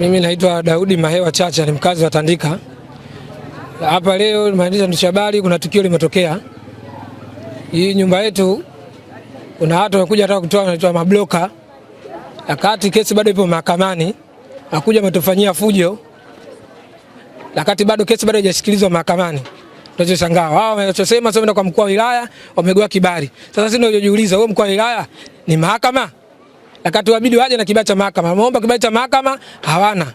Mimi naitwa Daudi Mahewa Chacha, ni mkazi wa Tandika. Hapa leo maandishi ya habari, kuna tukio limetokea hii nyumba yetu. Kuna watu wamekuja hata kutoa, wanaitwa mabloka, wakati kesi bado ipo mahakamani, wakuja wametufanyia fujo, wakati bado kesi bado haijasikilizwa mahakamani. Tunachoshangaa wao wanachosema, sio kwa mkuu wa wilaya wamegoa kibali. Sasa sisi ndio tunajiuliza, wewe mkuu wa wilaya ni mahakama? akatuabidi waje na kibali cha mahakama. Wameomba kibali cha mahakama hawana,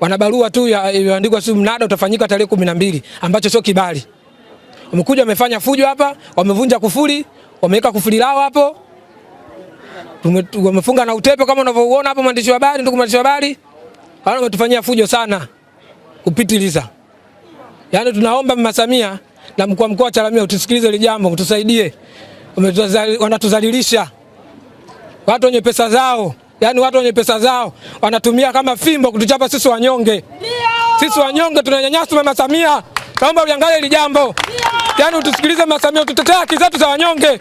wana barua tu iliyoandikwa si mnada utafanyika tarehe kumi na mbili ambacho sio kibali. Wamekuja wamefanya fujo hapa, wamevunja kufuli, wameweka kufuli lao hapo, wamefunga na utepe kama unavyoona hapo, mwandishi wa habari, ndugu mwandishi wa habari, wao wametufanyia fujo sana kupitiliza. Yaani tunaomba Mama Samia na mkuu wa mkoa wa Chalamila utusikilize hili jambo, utusaidie, wanatuzalilisha watu wenye pesa zao, yani watu wenye pesa zao wanatumia kama fimbo kutuchapa sisi wanyonge. Sisi wanyonge tunanyanyaswa Mama Samia, naomba uliangalia hili jambo, yani utusikilize Mama Samia, ututetee haki zetu za wanyonge.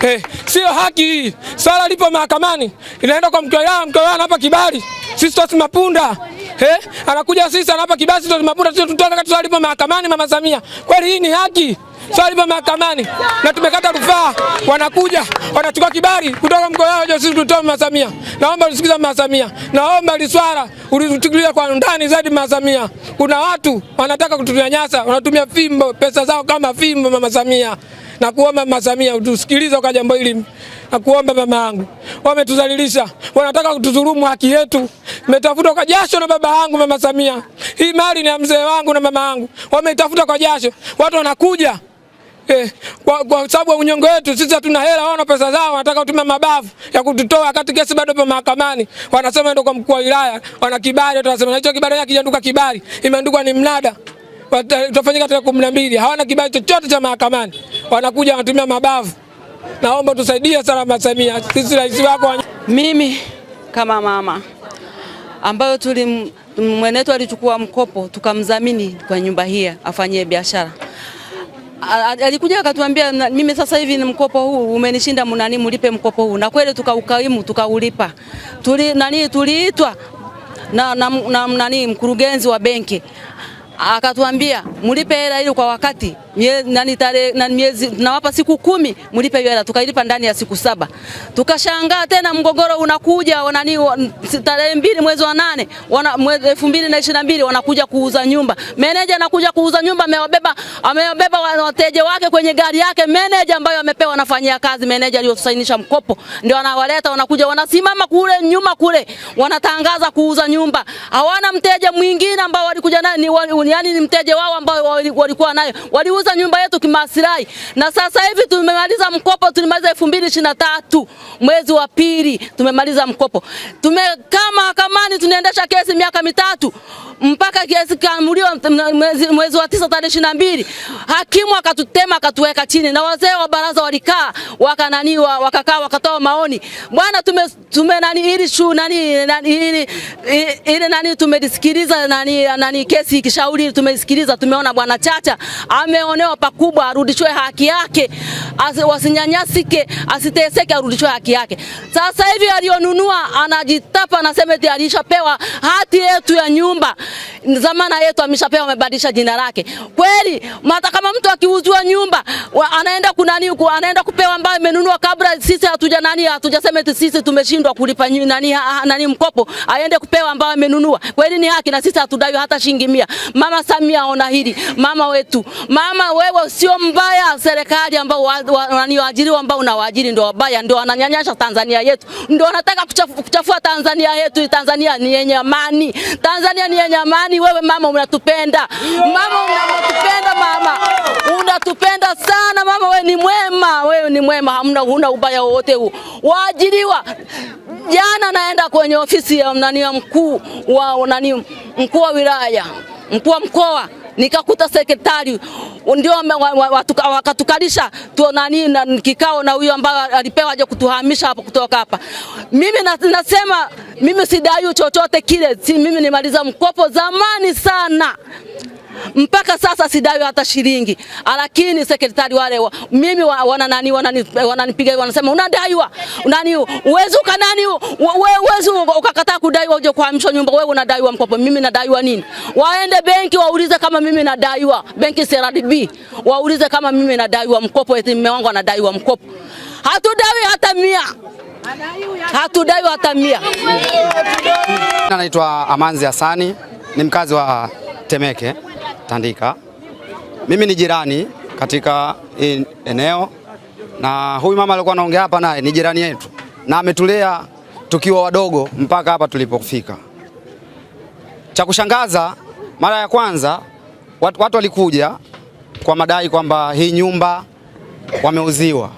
Hey, eh, sio haki hii. Swala lipo mahakamani, inaenda kwa mkiwaya, mkiwaya anapa kibali, sisi tosi mapunda He? Eh, anakuja sisi anapa kibali, sisi kibasi, mapunda sisi tutaka kati lipo mahakamani. Mama Samia, kweli hii ni haki? Swali lipo mahakamani na tumekata rufaa, wanakuja wanachukua kibali kutoka mkoa wao. Sisi tutoe Mama Samia, naomba tusikize Mama Samia, naomba liswara ulituchukulia kwa ndani zaidi Mama Samia. Kuna watu wanataka kutunyanyasa, wanatumia fimbo, pesa zao kama fimbo. Mama Samia nakuomba Mama Samia utusikilize kwa jambo hili, nakuomba mama yangu. Wametuzalilisha, wanataka kutudhulumu haki yetu, umetafuta kwa jasho na baba yangu Mama Samia. Hii mali ni ya mzee wangu na mama yangu, wametafuta kwa jasho, watu wanakuja Eh, kwa, kwa sababu unyongo wetu sisi hatuna hela, wana pesa zao wanataka kutumia mabavu ya kututoa, wakati kesi bado ipo mahakamani. Wanasema ndio kwa mkuu wa wilaya, wana kibali, watu wanasema hicho kibali yake kijanduka, kibali imeandikwa ni mnada, tutafanyika tarehe kumi na mbili. Hawana kibali chochote cha mahakamani, wanakuja wanatumia mabavu. Naomba tusaidie sana Mama Samia, sisi rais wako. Mimi kama mama ambayo tulim mwenetu alichukua mkopo tukamdhamini kwa nyumba hii afanyie biashara alikuja akatuambia, mimi sasa hivi ni mkopo huu umenishinda, mnani mlipe mkopo huu, na kweli tukaukaimu tukaulipa. Tuli, nani tuliitwa na, na, na, nani mkurugenzi wa benki akatuambia mlipe hela hiyo kwa wakati mie, nani tare, nani miezi nawapa siku kumi mlipe hiyo hela. Tukailipa ndani ya siku saba. Tukashangaa tena mgogoro unakuja nani tarehe mbili mwezi wa nane elfu mbili na ishirini na mbili wanakuja kuuza nyumba. Meneja anakuja kuuza nyumba, amewabeba amewabeba wateja wake kwenye gari yake, meneja ambayo amepewa anafanyia kazi, meneja aliyosainisha mkopo, ndio anawaleta wanakuja, wanasimama kule nyuma kule, wanatangaza kuuza nyumba, hawana mteja mwingine ambao walikuja naye ni yani ni mteja wao ambao walikuwa nayo, waliuza nyumba yetu kimasirai, na sasa hivi tumemaliza mkopo, tulimaliza elfu mbili ishirini na tatu mwezi wa pili tumemaliza mkopo. Tumekaa mahakamani, tunaendesha kesi miaka mitatu mpaka kiasi kaamuliwa mwezi mwezi wa tisa tarehe ishirini na mbili hakimu akatutema akatuweka chini, na wazee wa baraza walikaa wakananiwa wakakaa wakatoa maoni, bwana tume, tume nani ili shu nani ili ili nani tumedisikiliza nani nani kesi kishauri tumesikiliza, tumeona bwana Chacha ameonewa pakubwa, arudishwe haki yake, wasinyanyasike, asiteseke, arudishwe haki yake. Sasa hivi alionunua anajitapa, anasema eti alishapewa hati yetu ya nyumba Zamana yetu ameshapewa, amebadilisha jina lake kweli. Hata kama mtu akiuzwa nyumba wa, anaenda kunani huko, anaenda kupewa ambayo imenunua kabla sisi hatuja nani, hatujasema eti sisi tumeshindwa kulipa nani, nani mkopo, aende kupewa ambayo amenunua kweli. Ni haki na sisi hatudai hata shilingi mia. Mama Samia, ona hili mama wetu, mama wewe sio mbaya. Serikali ambao wanaajiriwa ambao unawaajiri ndio wabaya, ndio wananyanyasha Tanzania yetu, ndio wanataka kuchafua Tanzania yetu. Tanzania ni yenye amani, Tanzania ni yenye amani. Wewe mama unatupenda, mama unatupenda, mama unatupenda sana mama, wewe ni mwema, wewe ni mwema, hamna huna ubaya wowote huu. Waajiriwa jana naenda kwenye ofisi ya nani ya mkuu wa nani, mkuu wa wilaya, mkuu wa mkoa nikakuta sekretari ndio wakatukalisha tuonani na kikao na huyo ambaye alipewa aje kutuhamisha hapo kutoka hapa. Mimi nasema mimi sidai chochote kile, si mimi nimaliza mkopo zamani sana mpaka sasa sidaiwa hata shilingi, lakini sekretari wale wa, mimi wa, wana nani wananipiga wanani, wanasema unadaiwa nani, uwezi uka nani, uwezi ukakataa kudaiwa uje kuhamishwa nyumba, wewe unadaiwa mkopo. Mimi nadaiwa nini? Waende benki waulize kama mimi nadaiwa, benki CRDB waulize kama mimi nadaiwa mkopo, eti mume wangu anadaiwa mkopo. Hatudai hata mia hatudai hata mia. Naitwa Amanzi Hasani, ni mkazi wa Temeke. Tandika. Mimi ni jirani katika hii eneo, na huyu mama alikuwa anaongea hapa naye ni jirani yetu na ametulea tukiwa wadogo mpaka hapa tulipofika. Cha kushangaza, mara ya kwanza watu, watu walikuja kwa madai kwamba hii nyumba wameuziwa,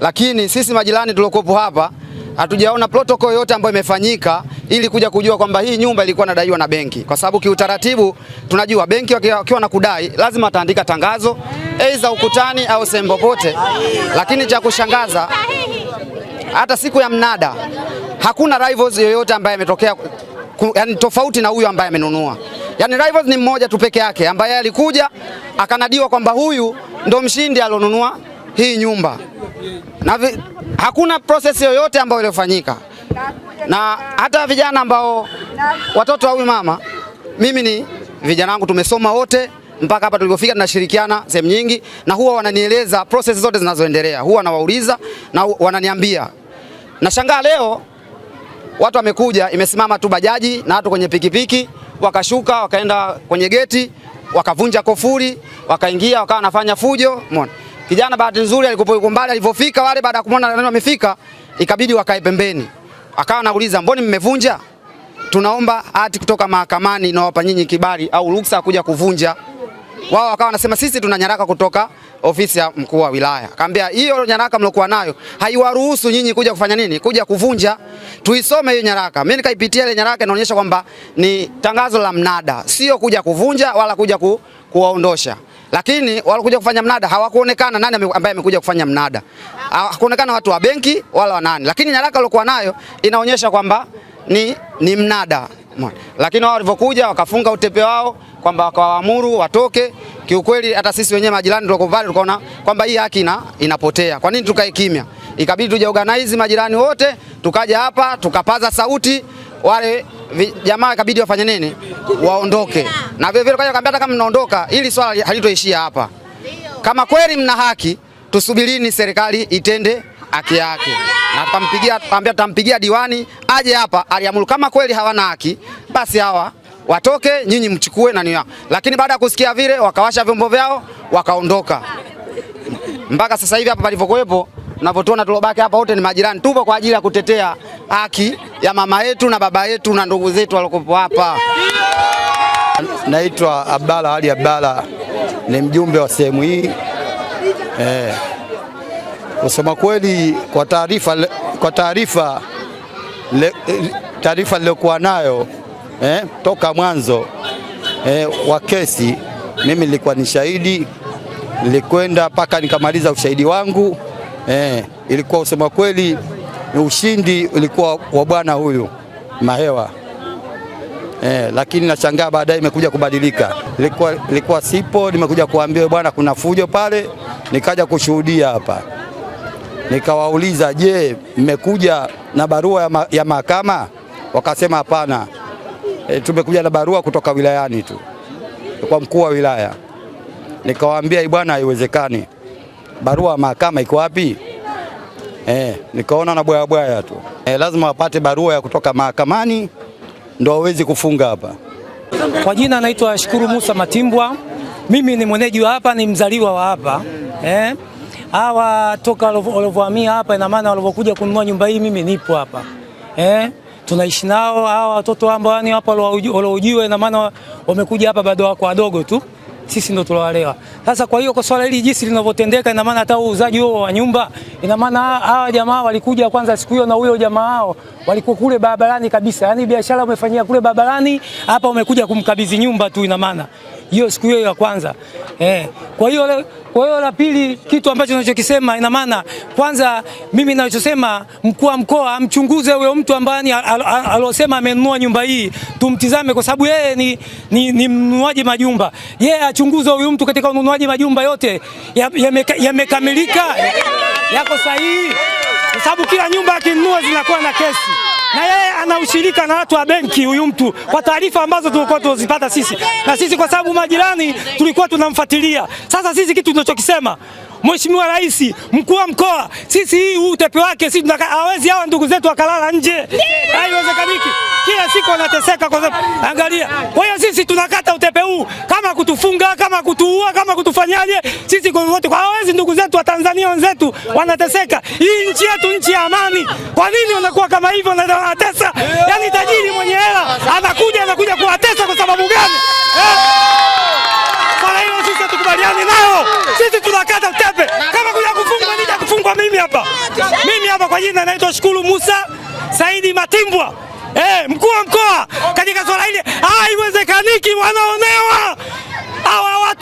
lakini sisi majirani tuliokuwepo hapa hatujaona protocol yoyote ambayo imefanyika ili kuja kujua kwamba hii nyumba ilikuwa inadaiwa na benki, kwa sababu kiutaratibu tunajua benki wakiwa na kudai lazima ataandika tangazo aidha ukutani au sehemu popote. Lakini cha kushangaza, hata siku ya mnada hakuna rivals yoyote ambaye ametokea, yani tofauti na huyu ambaye amenunua. Yani rivals ni mmoja tu peke yake ambaye alikuja akanadiwa kwamba huyu ndo mshindi alonunua hii nyumba na vi, hakuna process yoyote ambayo iliyofanyika, na hata vijana ambao watoto wa huyu mama, mimi ni vijana wangu, tumesoma wote mpaka hapa tulipofika, tunashirikiana sehemu nyingi, na huwa wananieleza process zote zinazoendelea, huwa nawauliza na wananiambia. Nashangaa leo watu wamekuja, imesimama tu bajaji na watu kwenye pikipiki, wakashuka wakaenda kwenye geti, wakavunja kofuri, wakaingia, wakawa wanafanya fujo, umeona. Kijana bahati nzuri yuko mbali, alipofika wale, baada ya kumwona nani amefika, ikabidi wakae pembeni, akawa anauliza mboni mmevunja? Tunaomba hati kutoka mahakamani inawapa nyinyi kibali au ruhusa kuja kuvunja. Wao wakawa wanasema sisi tuna nyaraka kutoka ofisi ya mkuu wa wilaya. Akamwambia hiyo nyaraka mlokuwa nayo haiwaruhusu nyinyi kuja kufanya nini? Kuja kuvunja. Tuisome hiyo nyaraka. Mimi nikaipitia ile nyaraka, inaonyesha kwamba ni tangazo la mnada, sio kuja kuvunja wala kuja ku, kuwaondosha lakini walikuja kufanya mnada hawakuonekana nani ambaye amekuja kufanya mnada, hakuonekana watu wa benki wala wa nani, lakini nyaraka waliokuwa nayo inaonyesha kwamba ni, ni mnada. Lakini wao walivyokuja wakafunga utepe wao kwamba wakawaamuru watoke. Kiukweli hata sisi wenyewe majirani tulikuwa pale tukaona kwamba hii haki ina, inapotea. Kwa nini tukae kimya? Ikabidi tuje organize majirani wote, tukaja hapa tukapaza sauti wale jamaa ikabidi wafanye nini, waondoke. Na vile vile kaambia hata kama mnaondoka, ili swala halitoishia hapa. Kama kweli mna haki, tusubirini serikali itende haki yake, na tutampigia tukamwambia, tutampigia diwani aje hapa aliamuru. Kama kweli hawana haki, basi hawa watoke, nyinyi mchukue nani. Lakini baada ya kusikia vile, wakawasha vyombo vyao wakaondoka. Mpaka sasa hivi hapa palivyokuwepo mnapotuona tulobaki hapa wote ni majirani, tupo kwa ajili ya kutetea haki ya mama yetu na baba yetu na ndugu zetu waliokuwepo hapa. Naitwa Abdalla Ali Abdalla, ni mjumbe wa sehemu hii eh. Kusema kweli, kwa taarifa kwa taarifa taarifa niliyokuwa nayo eh, toka mwanzo eh, wa kesi, mimi nilikuwa ni shahidi, nilikwenda mpaka nikamaliza ushahidi wangu eh, ilikuwa usema kweli ushindi ulikuwa wa bwana huyu Mahewa eh, lakini nashangaa baadaye imekuja kubadilika. Ilikuwa, ilikuwa sipo, nimekuja kuambia bwana, kuna fujo pale, nikaja kushuhudia hapa, nikawauliza je, mmekuja na barua ya, ma, ya mahakama? Wakasema hapana, e, tumekuja na barua kutoka wilayani tu kwa mkuu wa wilaya. Nikawaambia bwana, haiwezekani barua ya mahakama iko wapi? Eh, nikaona na bwaya bwaya tu eh, lazima wapate barua ya kutoka mahakamani ndo wawezi kufunga hapa. Kwa jina naitwa Shukuru Musa Matimbwa, mimi ni mwenyeji wa hapa, ni mzaliwa wa hapa eh. Hawa toka walivyohamia hapa, ina maana walivyokuja kununua nyumba hii, mimi nipo hapa eh, tunaishi nao hawa watoto ambao hapa waliojiwa, ina maana wamekuja hapa bado wako wadogo tu sisi ndo tulowalewa. Sasa kwa hiyo kwa swala hili jinsi linavyotendeka, ina maana hata uuzaji huo wa nyumba, ina maana hawa jamaa walikuja kwanza siku hiyo, na huyo jamaa wao walikuwa kule barabarani kabisa, yaani biashara umefanyia kule barabarani, hapa umekuja kumkabidhi nyumba tu, ina maana hiyo siku hiyo ya kwanza eh. Kwa hiyo kwa hiyo la pili, kitu ambacho ninachokisema, ina maana kwanza, mimi ninachosema mkuu wa mkoa amchunguze huyo mtu ambaye aliosema amenunua nyumba hii, tumtizame, kwa sababu yeye ni, ni, ni mnunuaji majumba. Yeye achunguze huyu mtu katika ununuaji majumba yote yamekamilika, ya ya yako sahihi, kwa sababu kila nyumba huwa zinakuwa na kesi na yeye anaushirika na watu wa benki huyu mtu, kwa taarifa ambazo tulikuwa tunazipata sisi na sisi, kwa sababu majirani tulikuwa tunamfuatilia. Sasa sisi kitu tunachokisema Mheshimiwa Rais, mkuu wa mkoa, sisi hii huu utepe wake sisi tunaka hawezi, hawa ndugu zetu wakalala nje, haiwezekaniki. Kila siku wanateseka kwa sababu angalia. Kwa hiyo sisi tunakata utepe huu kutufunga kama kutuua kama kutufanyaje, sisi wote kwa hawezi. Ndugu zetu wa Tanzania wenzetu wanateseka, hii nchi yetu nchi ya amani. Kwa nini wanakuwa kama hivyo, na wanatesa? Yani tajiri mwenye hela anakuja anakuja kuwatesa kwa sababu gani? Swala hiyo sisi hatukubaliani nao, sisi tunakata tepe. Kama kuja kufungwa, nija kufungwa mimi hapa, mimi hapa. Kwa jina naitwa Shukuru Musa Saidi Matimbwa. Eh, mkuu wa mkoa katika swala hili haiwezekaniki, wanaonewa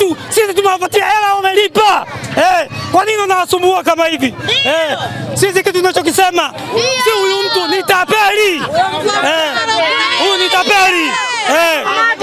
wetu sisi tumewapatia hela, wamelipa eh. Kwa nini unawasumbua kama hivi eh? Sisi kitu tunachokisema si huyu mtu ni tapeli eh, huyu ni tapeli eh.